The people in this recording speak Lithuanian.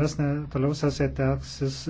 Tolesnė toliau sesija teksis